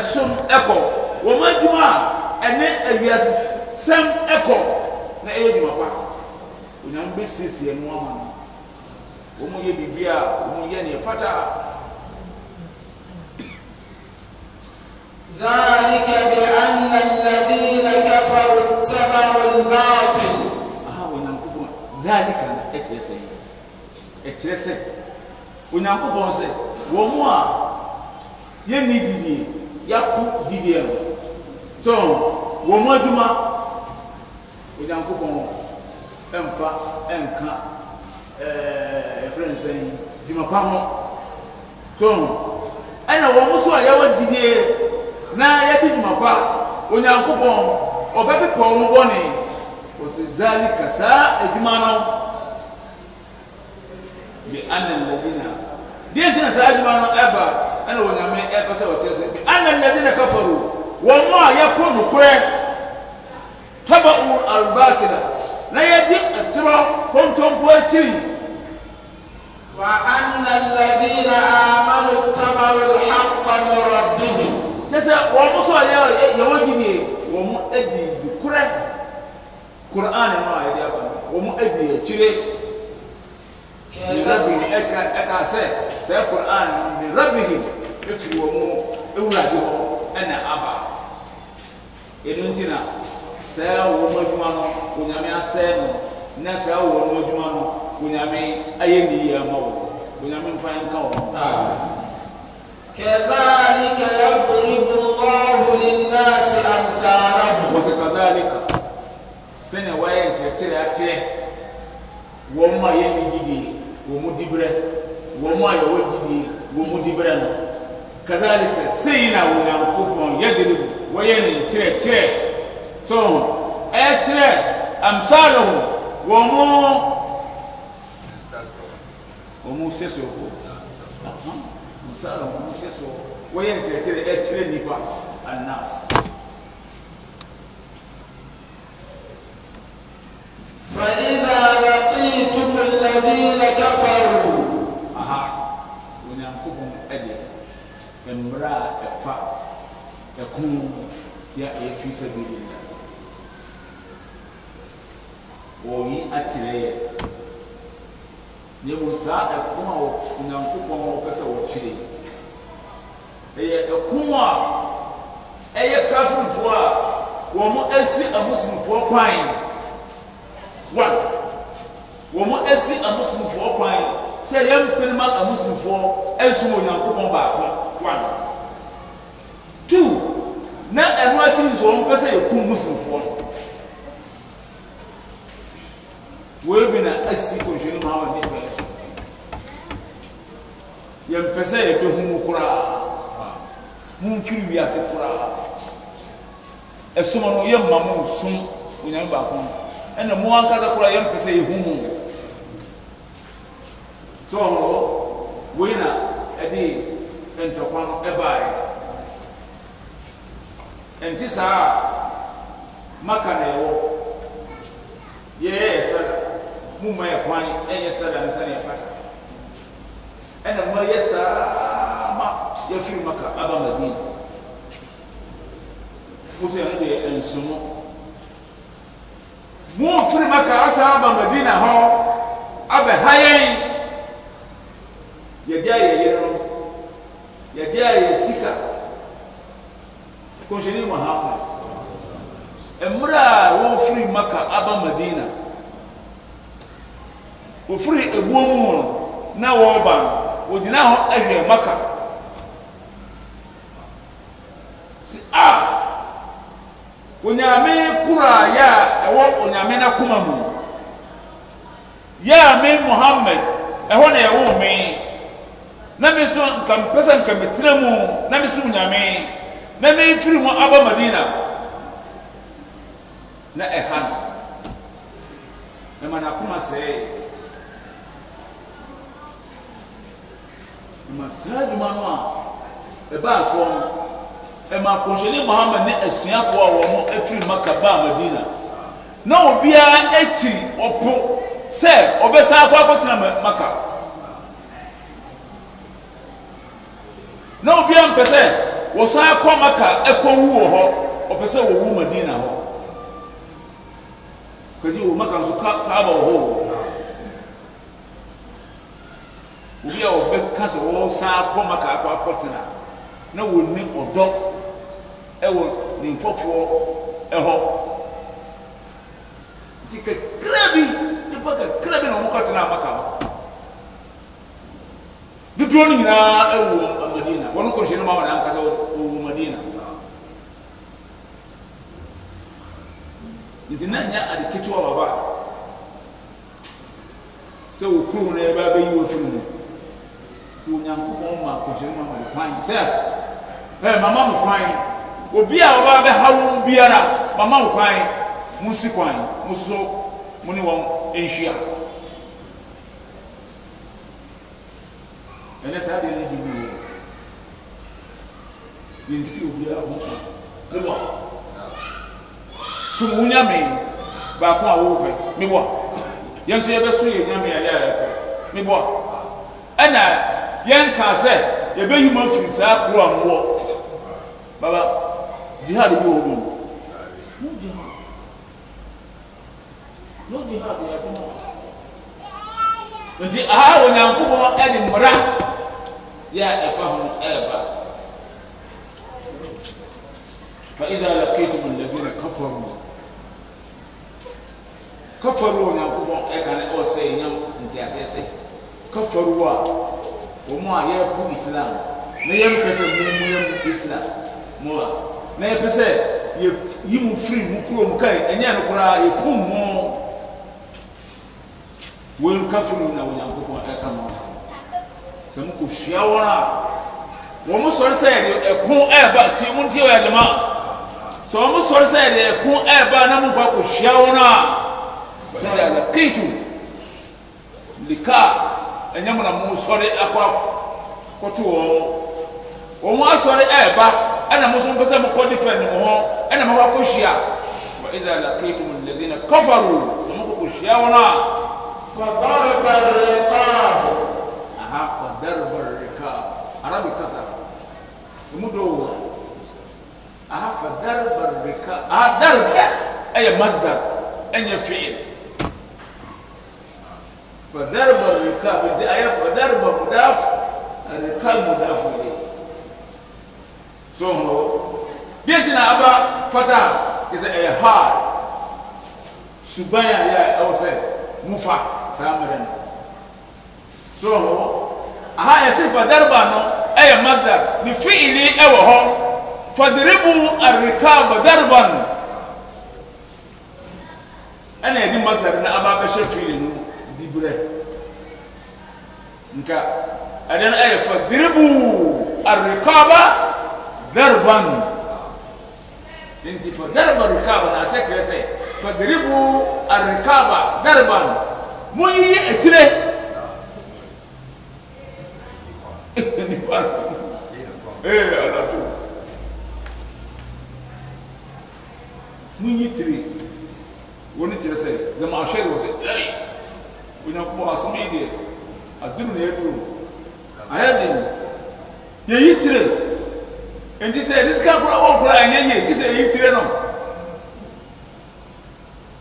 so ɛɔ wɔ m adum a ɛne awia sɛm ɛkɔ ne ɛyɛ duma ba ɔnyam bɛsiesiɛ mo ama no wɔ mu yɛ migi a wɔ mu yɛneɛ fataa ika iana lain afar tamawlmati ɔnya ɔ alika n ɛkyerɛ sɛi ɛkyerɛ sɛ onyankpɔn sɛ wɔ mo a yɛnnididie yɛko didiɛ no so wɔn mu adwuma onyankopɔn ɛmfa ɛnka ɛɛ ɛfrɛ nsɛn dwuma ho so ɛna wɔn so a yɛwɔ didie na yɛde dwuma pa onyankopɔn ɔbɛpepa wɔn bɔne wɔsi zaali kasa adwuma no bi anan ladina deɛ ntina saa adwuma no ɛba ɛna wɔn nyame ɛpɛ sɛ wɔte sɛ bi ana nyɛ de ne wɔn a yɛkɔ nukurɛ na saa wɔ no adwuma no onyame ayɛ ne yie ama wɔ onyame mfa nka wɔ كذلك يضرب الله للناس أمثالهم وكذلك sɛnea wɔayɛ nkyerɛkyerɛ akyerɛ wɔn a yɛne gyidie wɔn mu diberɛ wɔn a yɛwɔ gyidie wɔn mu diberɛ no kadalika sei na onyankopɔn yɛdene wɔyɛ ne so ɛkyerɛ amsaalo wɔn mu wɔn mu hyɛ so wɔ nsa na wɔn mu hyɛ so wɔyɛ nkyerɛkyerɛ ɛkyerɛ nipa anas فإذا لقيتم الذين كفروا أها ونعمكم أدي فنبرا أفا يكون يا إفي wɔn yi akyerɛ yɛ na emu saa ɛkom a nyankopɔn wɔpɛ sɛ wɔkyerɛ yi ɛyɛ ɛkom a ɛyɛ kafirfoɔ a wɔn asi amusimfoɔ kwan wa wɔn asi amusimfoɔ kwan sɛ yɛn mpɛnuma amusimfoɔ ɛsum onyankopɔn baako wa two na ɛho akyiri nso wɔn pɛ sɛ yɛ kum musimfoɔ no. asi kɔnhyɛnni mu awa nipa yɛ so yɛmpɛ sɛ yɛbɛ hu mu koraa mumfiri wiase koraa ɛsom no yɛmma mo som onyame baako no ɛna mo ankasa koraa yɛmpɛ sɛ yɛhu mu so ɔmo hɔ wei na ɛde ntɔkwa no ɛbaeɛ ɛnti saa a ah, maka na ɛwɔ yɛyɛ yɛ sɛdeɛ mu ma yɛ kwan ɛnyɛ sɛdeɛ ne sɛdeɛ fata ɛna mu ayɛ saa ma yɛfiri maka aba madina mo sɛ ɛno deɛ nsono mo firi maka asa aba madina hɔ abɛ ha yɛn yɛde ayɛ yɛn no yɛde ayɛ sika kɔnhyɛnni mu ha mmerɛ a wɔfiri maka aba madina wɔfiri ewuo mu no na wɔreba no wɔgyina hɔ ahwɛ maka si a onyame kura yɛ a ɛwɔ onyame n'akoma mu yɛ a me muhammed ɛhɔ na ɛwɔ me na me nso nka mpɛ sɛ nka me tena mu na me so nyame na me firi mu aba madina na ɛha no na ma sɛɛ. ma saa adwuma no a ɛbaa soɔ no ɛma kɔnhyɛni muhammed ne asuafoɔ a wɔn afiri maka baa madina na obiara akyi ɔpo sɛ ɔbɛsan akɔ akɔtena maka na obiara mpɛ sɛ wɔsan akɔ maka ɛkɔwu wɔ hɔ ɔpɛ sɛ wɔwu madina hɔ kadi wɔ maka nso kaaba wɔ hɔ wɔ. obi a ɔbɛka sɛ wɔsan akɔ maka akɔ akɔtena na wɔnni ɔdɔ ɛwɔ ne ntɔfoɔ ɛhɔ nti kakra bi nipa kakra bi na wɔn kɔtena maka hɔ dodoɔ no nyinaa ɛwɔ madina wɔn kɔ hyɛn mu a wɔn ankasa wɔwɔ madina nti na nya ade ketewa baba sɛ wɔ kurom na yɛ ba bɛyi wɔ funu mu onyankopɔn ma akɔhyɛ no ma mo kwan sɛ ɛ mama mo kwan obi a ɔba bɛha wɔn biara mama mo kwan mo si kwan mo so mo ne wɔn nhyia ɛnɛ saa deɛ ne di mi wɔ yɛn si obiara ho kwan ne wɔ sum wo nyame baako a wɔrepɛ me wɔ yɛn nso yɛbɛso yɛ nyame a yɛ a yɛpɛ me wɔ ɛna yɛnka sɛ yɛbɛyi mu afiri saa kuro a mowɔ baba jihad bi wɔ mu no jihad no jihad yɛ adwuma nti aha onyankopɔn ɛde mmara yɛ a ɛfa ho ɛɛba فإذا لقيتم الذين كفروا كفروا نعم كفروا أكان أو سينام أنت أساسي كفروا wɔn a yɛrepo islam na yɛmpɛ sɛ mo mu yɛ mu islam mo a na yɛpɛ sɛ yɛyi mu firi mu kuro mu kae ɛnyɛ no koraa yɛpum mo wɔn kafiri na onyankopɔn ɛka mo ase sɛ mo kɔ hyia wɔn a wɔn sɔre sɛ yɛde ɛko ɛɛba tie mu ntie wɔ yɛde sɛ wɔn sɔre sɛ yɛde ɛko ɛɛba na mo kɔ akɔ hyia wɔn a ɛsɛ yɛde keitu lika ɛnyɛ mo na mo sɔre akɔ akɔto wɔn wɔn asɔre ɛɛba ɛna mo nso mpɛ sɛ mo kɔ different mo ho ɛna mo akɔ hyia wa idha laqitum alladhina kafaru na mo kɔkɔ hyia wɔn a. فضرب الرقاب أها kasa الرقاب عربي كسر aha أها فضرب الرقاب aha ضرب أي مصدر أي فعل فضرب الركاب الآية فضرب مضاف الركاب مضاف إليه ثم بيتنا أبا فتح إذا a hard subaya ya ɛwɔ sɛ mufa saa mmerɛ no soro hɔ aha yɛsɛ fadarba no ɛyɛ madar ne fiili ɛwɔ hɔ fadribu arrikab darban ɛna yɛde madar no aba bɛhyɛ fiili ɛ nta adan ayɛ fa diribu arikaba daraban tinti fa darabarikaba na a sɛ kɛsɛ fa diribu arikaba daraban muy tirɛ adum na eduru ayɛ den yɛyi tire nti sɛ yɛde sika kora ɔkora anyɛnyɛ nti sɛ yɛyi tire no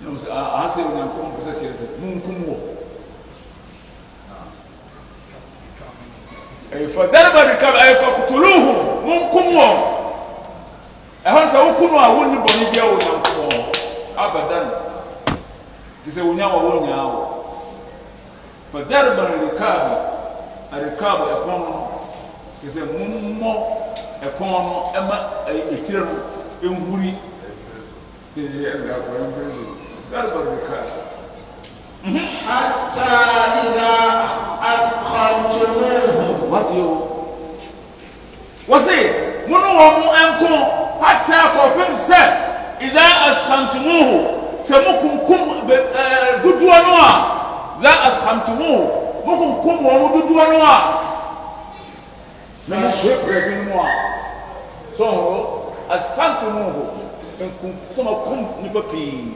ɛnum sɛ ahasɛ onyankopɔn pɛ sɛ kyerɛ sɛ munkum wɔ ɛyɛfɔ dɛrɛba bi ka ɛyɛfɔ kutuluhu munkum wɔ ɛhɔ sɛ wokun a wonni bɔne bia onyankopɔn abadan nti sɛ wonya wɔ wonyaa wɔ fadariba rikaaba rikaaba ɛkɔn no kisɛ mummɔ ɛkɔn no ɛma etire no ehuri ee ɛdi akɔrɔ ɛmpere so dariba rikaaba. hatta ida afkantumuhu. wati o wɔsi munu wɔn ɛnko hatta kɔpem sɛ ida afkantumuhu sɛ mu kunkum ɛɛ eh, guduwa no la ashamtumu mukunkum wɔn mu dodoɔ no a na mo hwe brɛ bi mu a so ho ashamtumu ho nkum sɛma kum nipa pii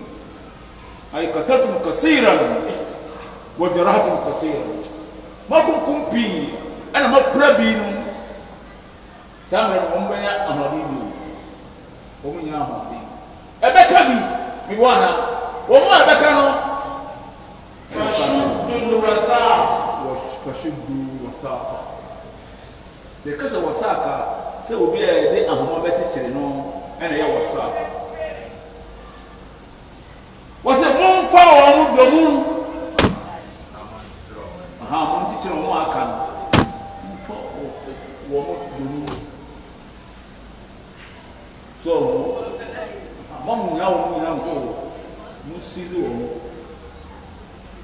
ayi katatum kasiran wɔgyarahatum kasiran makunkum pii ɛna mapra bi no saa mmerɛ wɔn bɛyɛ ahoɔden bi wɔn nyinaa ahoɔden ɛbɛka bi mi wɔ ana wɔn a ɛbɛka no وشدوا الوثاق وشدوا الوثاق sɛ kasa wɔsaak a sɛ obi a yɛde ahoma bɛkyekyere no ɛna ɛyɛ wɔsaak wɔsɛ momfa wɔn mo dɔ mu aha monkyekyere wɔn a aka no momfa wɔn mo dɔ mu so wɔn mo nyinaa wɔn mo nyinaa mo dɔ wɔ si wɔn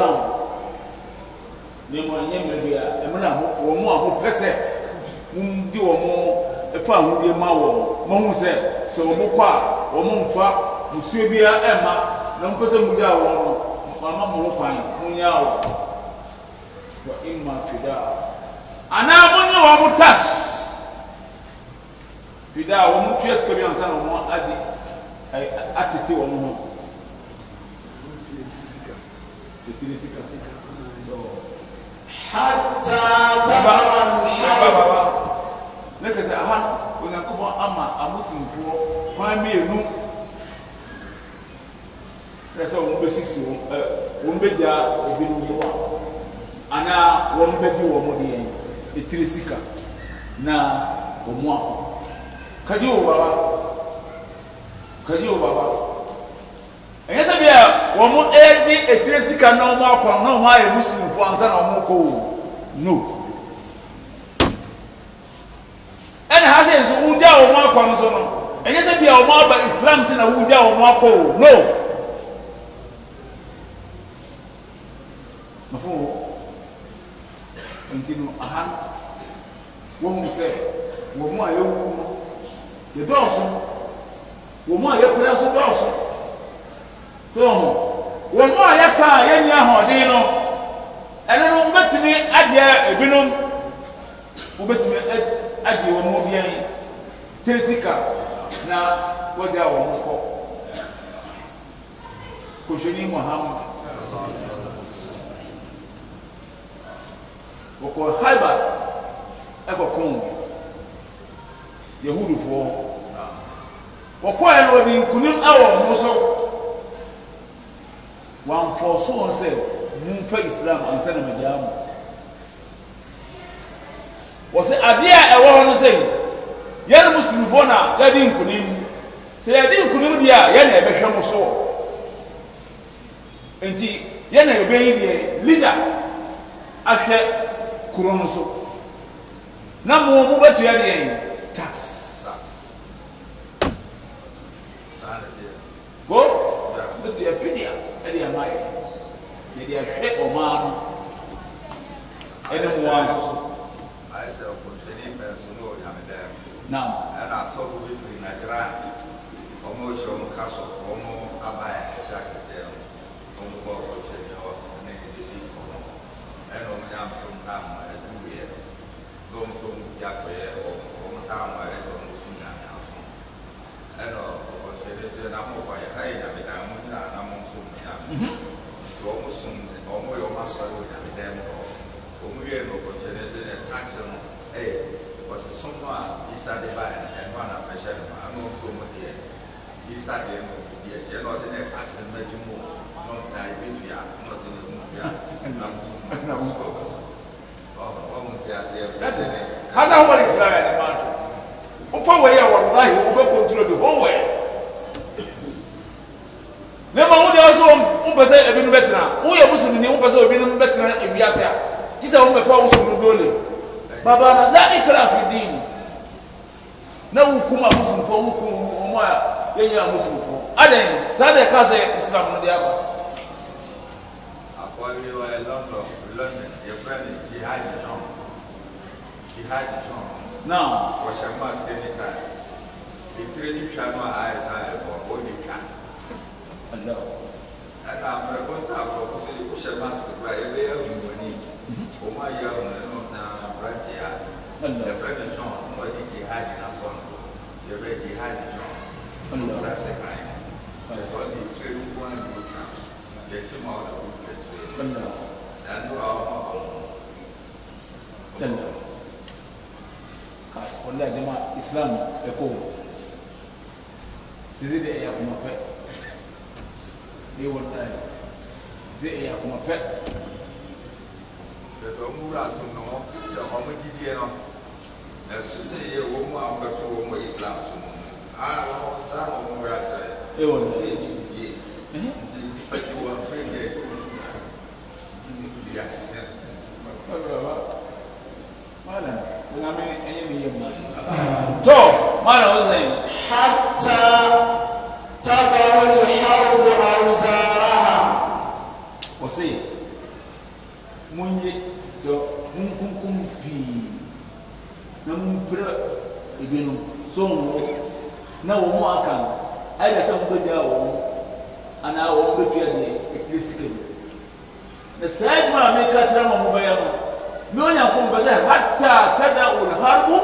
down ne mu anyɛ mmerɛ bi a ɛmu na ho mu a ho pɛ sɛ mu di wɔn mo ɛfa ahodeɛ ma wɔn mo ho sɛ sɛ wɔn kɔ a wɔn mo nfa musuo biara ɛma na mo pɛ sɛ mo di a wɔn no mama mo ho kwan mo nya wɔn wɔ ima fida anaa mo nye wɔn mo tax fida a wɔn mo tua sika bi ansa na wɔn agye ɛ atete wɔn ho etiri sika hata tabaran haba ne kasa aha onyankopɔn ama amusimfoɔ kwan mmienu ɛ sɛ wɔn bɛsisi wɔn ɛ wɔn bɛgya ebinom yi wa anaa wɔn bɛgye wɔn deɛ etiri sika na wɔn akɔ kadi wo baba kadi wo baba. wɔn ɛɛgye etire sika na wɔn akɔ na wɔn ayɛ muslimfoɔ ansa na wɔn kɔ no ɛna ha sɛ nso wudi a wɔn akɔ no so no ɛnyɛ sɛ a aba islam ti na wudi a wɔn akɔ no nafo nti no aha wɔn mu sɛ wɔn a no yɛ dɔɔso wɔn a nso dɔɔso. so wɔn a yɛka a yɛnyɛ ahoɔden no ɛno no wobɛtumi agye ebinom wobɛtumi agye wɔn mu biɛn kyerɛ sika na wɔgya wɔn ho kɔ kòsoni muhammad wɔkɔ haiba ɛkɔkɔn yahudufoɔ wɔkɔɛ no wɔde nkunim awɔ wɔn so wɔamfɔɔso wɔn sɛ mumfa islam ansa na magyaa mu wɔsɛ adeɛ a ɛwɔ hɔ no sɛ yɛne muslimfoɔ na yɛde nkonim sɛ yɛde nkonim deɛ a yɛne ɛbɛhwɛ mo soɔ nti yɛne ɛbɛyi deɛ leader ahwɛ kuro no so na mo mobɛtua deɛ tax go bɛtua pidia ayɛ na de ahwɛ ɔmaa no ɛne mmoa nso so na ɛna asɔfo bi firi nagyera ɔmo hyɛ ɔmo ka so ɔmo aba yɛ kɛse akɛse no ɔmo bɔ ɔkɔhyɛni hɔ ne yɛde bi kɔmɔ ɛna ɔmo yam so ntaama ɛduwuiɛ dɔm so yakɔyɛ ɔmo ɔmo ntaama ɛsɛ ɔmo so nyame afo ɛna ɔkɔhyɛni nso yɛ na mo kɔ yɛ ha yɛ nyame hwɛ no ɔkyerɛ sɛ ne taxe no ɛyɛ ɔsi somo a visa de ba ɛno a n'afɛhyɛ no ano nso mo deɛ visa deɛ no deɛ hyɛ na ɔsi ne taxe no bɛgye mu na ɔfina ebi tua na ɔsi ne mu tua na ɔsi mu ɔsi ɔfɔ ɔmo ti ase ɛfɛ sɛ ne. hata wɔn ni sira yɛ ne ma to nfa wɔ yɛ wɔn lahi wɔn bɛ kɔnturo de wɔn wɔ yɛ ne ma ɔsɔ wɔn pɛ ebinom bɛ tena yɛ musu ni wɔn ebinom bɛ tena ewiase a kisa wo mɛtɔ awo sunu dole baba na la isra fi din na wo kum amusunfo wo kum ɔmo a yɛnyɛ amusunfo adan saa de ka sɛ islam no de aba. akɔli wɔ yɛ london london yɛ fɛ ne jihad john jihad john. naa wɔhyɛ mask anytime etire ni twa a ayɛ saa yɛ bɔ o ni twa. ɛna amɛrɛ kɔnsa aburɔfo sɛ yɛ kɔhyɛ mask kura yɛ bɛ yɛ ɔmo wɔ ọmọ ayé ọmọ ẹni ọ̀sán aberante a ẹfrẹ ni john ọmọ ẹni jihad n'afọ nù yẹbẹ jihad john ọmọdé ase kan yẹn ẹsẹ ọdẹ etire ní wọn ní wọn kan yẹsi ma ọdọ wọn kúrẹ tire ẹnu ọmọ ọmọ ọmọ. ọlẹ́ àjẹmọ́ islam ẹ̀kọ́ sisi de ẹ̀yà kọ́mọ pẹ́ ẹ̀yẹ wọ́n dá yẹ sisi ẹ̀yà kọ́mọ pẹ́ ɛfɛ wɔn wura so no hɔ sɛ wɔn gyidie no ɛso sɛ yɛ wɔn mu a wɔbɛto wɔn mu islam so no a wɔn saa na wɔn wura kyerɛ ɛwɔ no fɛ ni gyidie nti nipa ti wɔn fɛ ni ɛsɛ wɔn wura bi ni bi ahyɛ. Mana, ɛna mi ɛyɛ mana o sɛ. ebinom so nwo na wɔn aka no ayɛ sɛ wɔbɛgya wɔn anaa wɔn bɛtua deɛ ɛtiri sika mu na saa adwuma a meka kyerɛ ma wɔbɛyɛ no me onyankopɔn mpɛ sɛ hata tada olharbo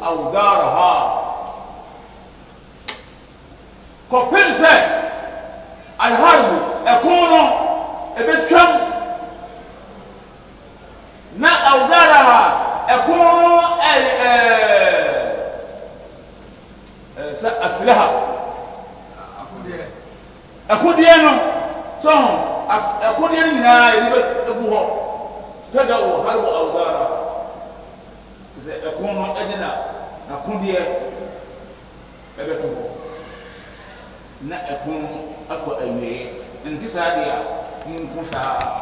awdara ha kɔpem sɛ alharbo ɛko no ɛbɛtwam أسلحة أكون دي أنا صح أكون يعني نا يعني بتبوه تدعو هرب أو دارا إذا أكون أجنا أكون دي أبتبوه نا أكون أكو أيمي أيوه. أنت سادية من كل ساعة